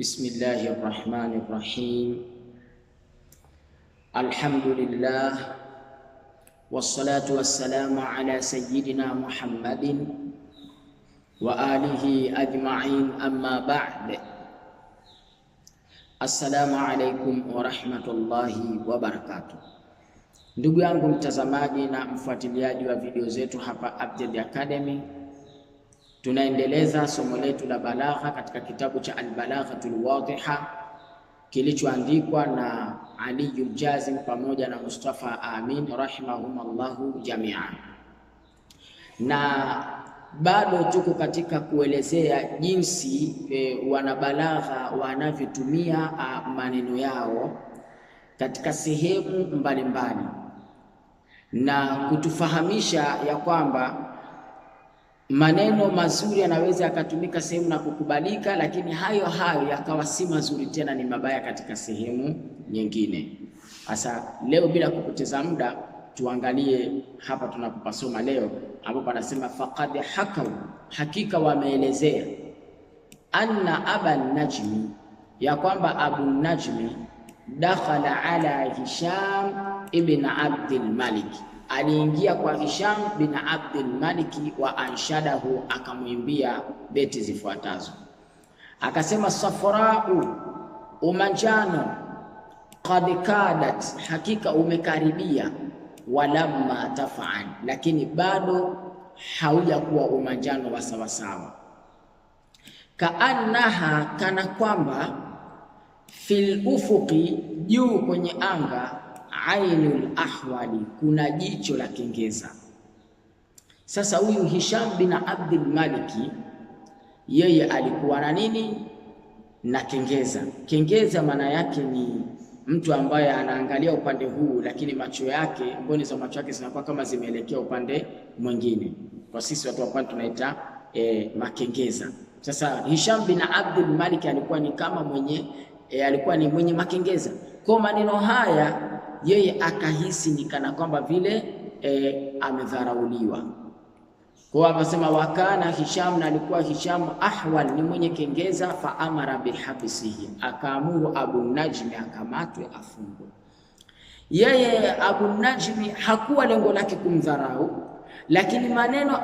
بسم الله الرحمن الرحيم الحمد لله والصلاة والسلام على سيدنا محمد وآله أجمعين أما بعد السلام عليكم ورحمة الله وبركاته ndugu yangu mtazamaji na mfuatiliaji wa video zetu hapa Abjad Academy Tunaendeleza somo letu la balagha katika kitabu cha Albalaghatul Wadhiha kilichoandikwa na Aliyu Ljazim pamoja na Mustafa Amin rahimahumullahu jamia, na bado tuko katika kuelezea jinsi e, wanabalagha wanavyotumia ah, maneno yao katika sehemu mbalimbali na kutufahamisha ya kwamba maneno mazuri yanaweza yakatumika sehemu na kukubalika, lakini hayo hayo yakawa si mazuri tena, ni mabaya katika sehemu nyingine. Sasa leo, bila kupoteza muda, tuangalie hapa tunapopasoma leo, ambapo anasema faqad hakau, hakika wameelezea, anna aba najmi, ya kwamba abu najmi dakhala ala Hisham ibn Abdul Malik aliingia kwa Hisham bin Abdul Maliki wa anshadahu, akamwimbia beti zifuatazo akasema: safrau umanjano, qad kadat, hakika umekaribia, walamma tafaan, lakini bado haujakuwa umanjano wa sawasawa. Kaannaha, kana kwamba fil ufuqi, juu kwenye anga ainul ahwali, kuna jicho la kengeza. Sasa huyu Hisham bin Abdul Maliki yeye alikuwa na nini? Na kengeza. Kengeza maana yake ni mtu ambaye anaangalia upande huu, lakini macho yake, mboni za macho yake zinakuwa kama zimeelekea upande mwingine. Kwa sisi watu wa tunaita e, eh, makengeza. Sasa Hisham bin Abdul Malik alikuwa ni kama mwenye e, alikuwa ni mwenye makengeza. Kwa maneno haya yeye akahisi ni kana kwamba vile e, amedharauliwa. Kwa akasema wakana Hisham, na alikuwa Hisham ahwal ni mwenye kengeza, fa amara bihabsihi, akaamuru Abu Najmi akamatwe afungwe. Yeye Abu Najmi hakuwa lengo lake kumdharau, lakini maneno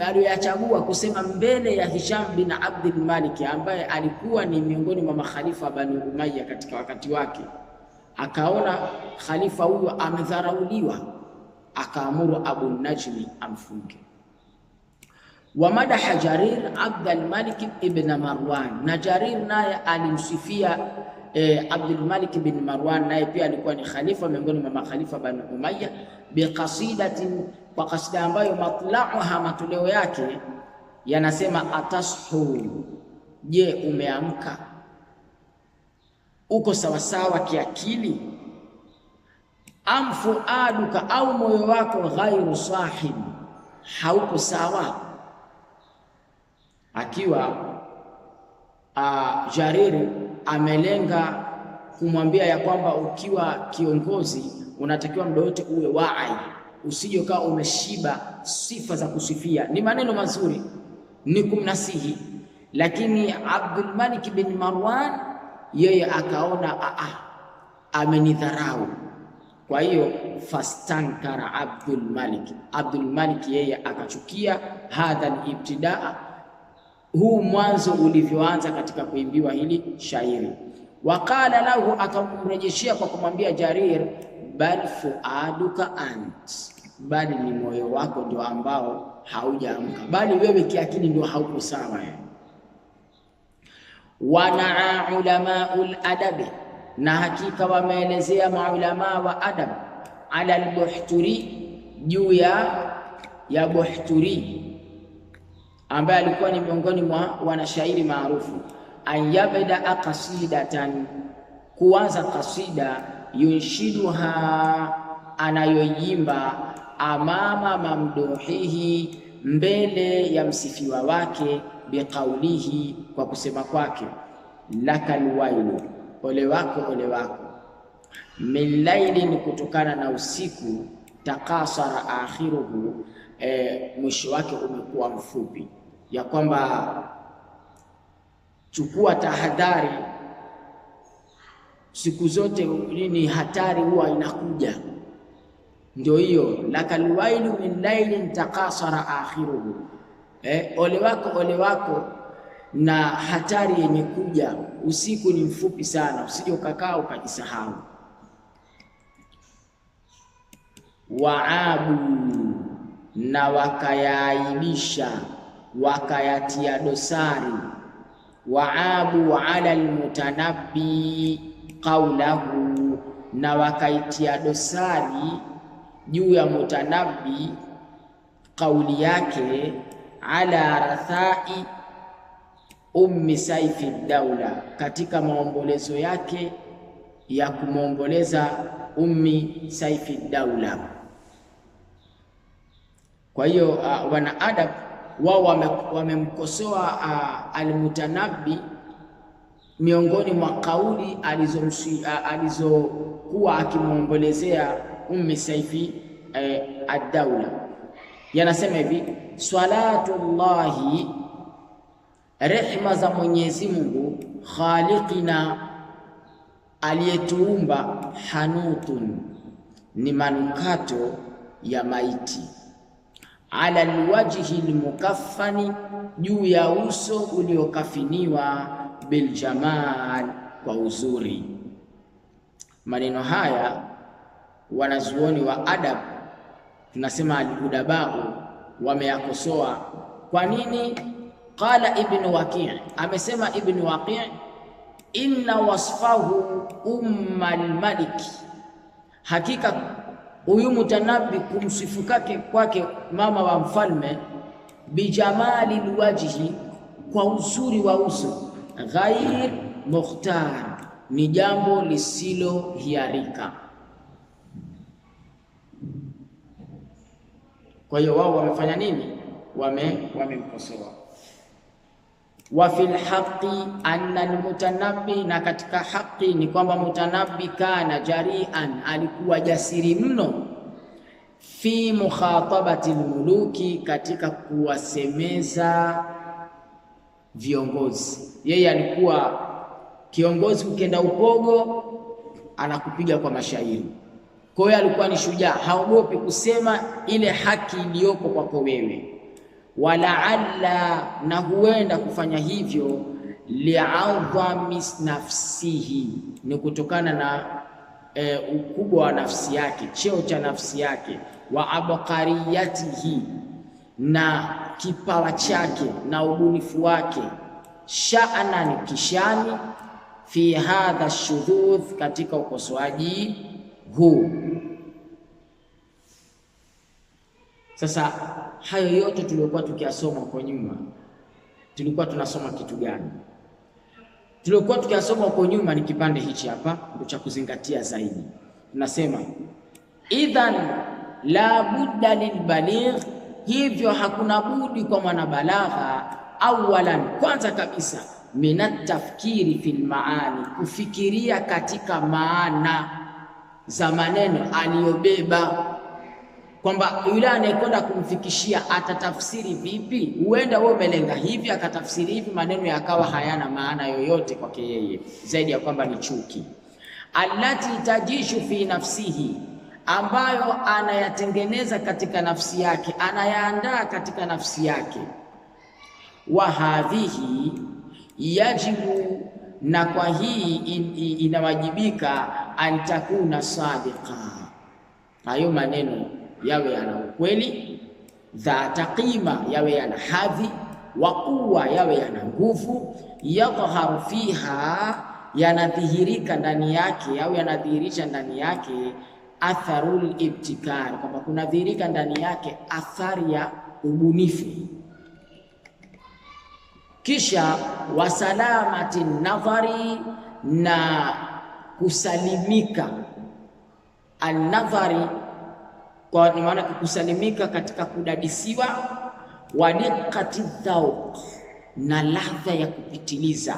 aliyoyachagua kusema mbele ya Hisham bin Abdul Malik ambaye alikuwa ni miongoni mwa makhalifa Bani Umayya katika wakati wake akaona khalifa huyo amedharauliwa, akaamuru Abu Najmi amfunge. Wamadaha Jarir Malik ibn Marwan, na Jarir naye alimsifia e, Malik ibn Marwan naye pia alikuwa ni khalifa miongoni mwa makhalifa Bani Umayya, biqasidatin, kwa kasida ambayo matlauha, matoleo yake yanasema atashu, je, umeamka uko sawasawa kiakili? am fuaduka, au moyo wako ghairu sahib, hauko sawa. Akiwa Jarir amelenga kumwambia ya kwamba ukiwa kiongozi unatakiwa muda wote uwe waai, usije ukawa umeshiba sifa za kusifia. Ni maneno mazuri, ni kumnasihi, lakini Abdulmalik bin Marwan yeye akaona aa, ah, ah, amenidharau. Kwa hiyo fastankara Abdul Malik, Abdul Malik yeye akachukia hadha ibtidaa, huu mwanzo ulivyoanza katika kuimbiwa hili shairi. Waqala lahu, akamrejeshia kwa kumwambia Jarir, bal fuaduka ant, bali ni moyo wako ndio ambao haujaamka, bali wewe kiakili ndio hauko sawa. Wanaa ulamaul adabi, na hakika wameelezea maulamaa wa adab, ala albuhturi, juu ya ya Buhturi ambaye alikuwa ni miongoni mwa wanashairi maarufu. An yabdaa qasidatan, kuanza kasida, yunshiduha, anayoyimba amama mamduhihi mbele ya msifiwa wake biqaulihi, kwa kusema kwake, lakal wailu, ole wako ole wako, min lailin, kutokana na usiku, takasara akhiruhu, e, mwisho wake umekuwa mfupi. Ya kwamba chukua tahadhari siku zote, ni hatari huwa inakuja ndio hiyo lakalwailu min lailin taqasara akhiruhu. Eh, ole wako ole wako na hatari yenye kuja usiku ni mfupi sana, usije ukakaa ukajisahau. Waabu, na wakayaaibisha wakayatia dosari. Waabu ala almutanabbi qawlahu na wakaitia dosari juu ya Mutanabbi kauli yake ala rathai ummi Saifi Daula, katika maombolezo yake ya kumwomboleza ummi Saifi Daula. Kwa hiyo uh, wana adab wao wamemkosoa wame uh, Almutanabbi miongoni mwa kauli alizokuwa uh, alizo akimwombolezea Ummi Saifi eh, Addaula yanasema hivi, salatullahi, rehma za Mwenyezi Mungu, khaliqina, aliyetuumba, hanutun, ni manukato ya maiti, ala alwajhi almukaffani, juu ya uso uliokafiniwa, biljamal, kwa uzuri. Maneno haya wanazuoni wa adab tunasema aludabau wameyakosoa. Kwa nini? Qala Ibnu Waqi, amesema Ibnu Waqi, inna wasfahu umma almaliki, hakika huyu mutanabi kumsifu kake kwake mama wa mfalme, bijamali lwajihi, kwa uzuri wa uso, ghair mukhtar, ni jambo lisilohiarika Kwa hiyo wao wamefanya nini? Wame wamemkosoa. Wa fil haqi anna almutanabbi, na katika haqi ni kwamba mutanabbi kana jarian, alikuwa jasiri mno fi mukhatabati almuluki, katika kuwasemeza viongozi. Yeye alikuwa kiongozi, ukienda upogo anakupiga kwa mashairi kwa hiyo alikuwa ni shujaa, haogopi kusema ile haki iliyopo kwako wewe. Walaalla, na huenda kufanya hivyo liadhami nafsihi, ni kutokana na e, ukubwa wa nafsi yake, cheo cha nafsi yake, wa abqariyatihi, na kipawa chake na ubunifu wake, sha'nan, kishani, fi hadha shudhudh, katika ukosoaji huu. Sasa hayo yote tuliokuwa tukiyasoma kwa nyuma, tulikuwa tunasoma kitu gani? Tuliokuwa tukiyasoma kwa nyuma ni kipande hichi hapa, ndio cha kuzingatia zaidi. Tunasema idhan la budda lilbaligh, hivyo hakuna budi kwa mwanabalagha, awalan, kwanza kabisa, minatafkiri fil maani, kufikiria katika maana za maneno aliyobeba, kwamba yule anayekwenda kumfikishia atatafsiri vipi. Huenda wewe umelenga hivi, akatafsiri hivi, maneno yakawa hayana maana yoyote kwake yeye zaidi ya kwamba ni chuki. Allati tajishu fi nafsihi, ambayo anayatengeneza katika nafsi yake, anayaandaa katika nafsi yake. Wa hadhihi yajibu, na kwa hii inawajibika antakuna sadiqa, hayo maneno yawe yana ukweli, dhata qima yawe yana hadhi, wa quwa yawe yana nguvu, yadhharu fiha yanadhihirika ndani yake au yanadhihirisha ndani yake atharul ibtikar, kwamba kunadhihirika ndani yake athari ya ubunifu. Kisha wasalamati nadhari na kusalimika alnadhari kwa maana kusalimika katika kudadisiwa, wadiqati dhauq, na ladha ya kupitiliza,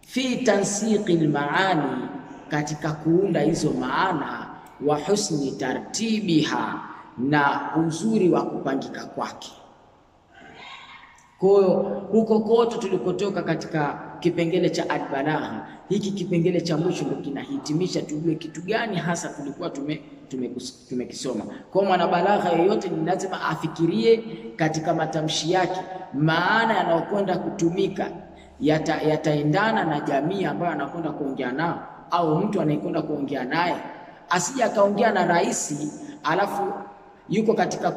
fi tansiqi lmaani, katika kuunda hizo maana, wa husni tartibiha, na uzuri wa kupangika kwake. Kwa hiyo huko kote tulikotoka katika kipengele cha albalagha, hiki kipengele cha mwisho ndio kinahitimisha tujue kitu gani hasa tulikuwa tume tumekisoma. Kwa balagha yeyote ni lazima afikirie katika matamshi yake, maana yanayokwenda kutumika yata, yataendana na jamii ambayo anakwenda kuongea nao au mtu anayekwenda kuongea naye, asije akaongea na rais alafu yuko katika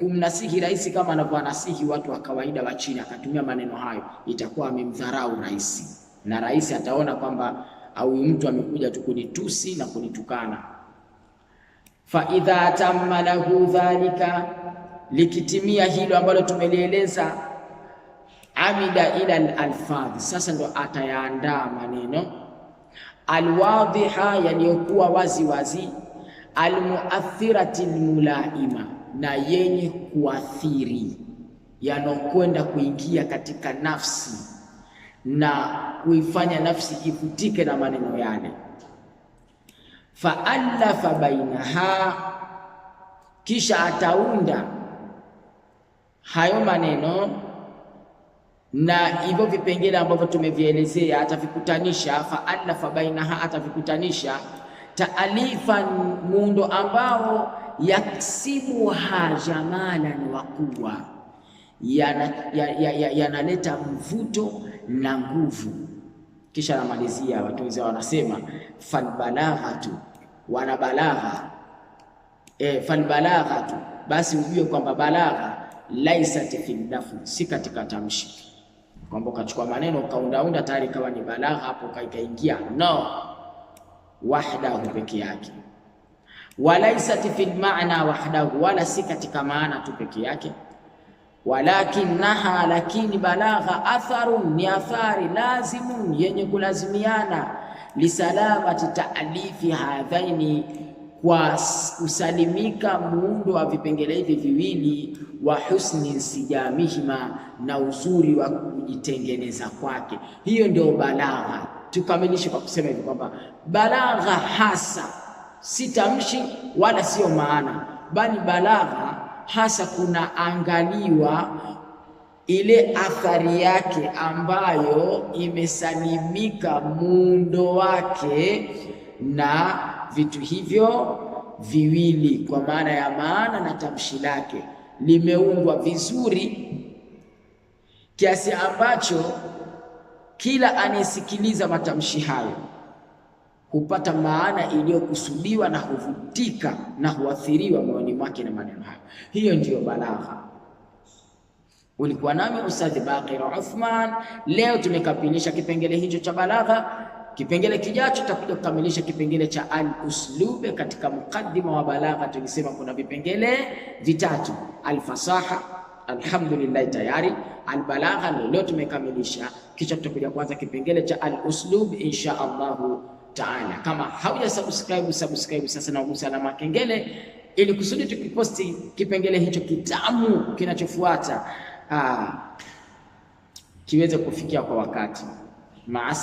kumnasihi rais kama anavyowanasihi watu wa kawaida wa chini, akatumia maneno hayo, itakuwa amemdharau rais, na rais ataona kwamba au mtu amekuja tu kunitusi na kunitukana. fa idha tamma lahu dhalika, likitimia hilo ambalo tumelieleza, amida ila alalfadhi, sasa ndo atayaandaa maneno alwadhiha, yaliyokuwa wazi wazi almuathirati lmulaima, na yenye kuathiri, yanokwenda kuingia katika nafsi na kuifanya nafsi ivutike na maneno yale. faalafa bainaha, kisha ataunda hayo maneno na hivyo vipengele ambavyo tumevielezea, atavikutanisha. faalafa bainaha, atavikutanisha taalifan muundo ambao yaksibu haja jamalan wa yanaleta ya, ya, ya, ya mvuto na nguvu. Kisha anamalizia watunzi wanasema falbalaghatu, wana balagha e, eh, falbalaghatu, basi ujue kwamba balagha laisat fi lafdhi, si katika tamshi kwamba ukachukua maneno ukaundaunda tayari ikawa ni balagha hapo ikaingia, no wahdahu peke yake walaisat fi lmana wahdahu, wala si katika maana tu peke yake, walakinnaha, lakini balagha atharun, ni athari lazimun, yenye kulazimiana, lisalamati taalifi hadhaini, kwa kusalimika muundo wa vipengele hivi viwili, wa husni sijamihima, na uzuri wa kujitengeneza kwake. Hiyo ndio balagha. Tukamilishe kwa kusema hivi kwamba balagha hasa si tamshi wala siyo maana, bali balagha hasa kunaangaliwa ile athari yake ambayo imesalimika muundo wake na vitu hivyo viwili, kwa maana ya maana na tamshi lake limeungwa vizuri kiasi ambacho kila anayesikiliza matamshi hayo hupata maana iliyokusudiwa na huvutika na huathiriwa moyoni mwake na maneno hayo. Hiyo ndiyo balagha. Ulikuwa nami Ustadhi Baqir Uthman. Leo tumekapilisha kipengele hicho cha balagha. Kipengele kijacho tutakuja kukamilisha kipengele cha al uslube. katika mukaddima wa balagha. Tulisema kuna vipengele vitatu: alfasaha, alhamdulillah tayari, albalagha leo tumekamilisha, kisha tutakuja kwanza kipengele cha al-uslub insha Allahu taala. Kama hauja subscribe, subscribe sasa na ugusa alama kengele, ili kusudi tukiposti kipengele hicho kitamu kinachofuata, ah, kiweze kufikia kwa wakati Maas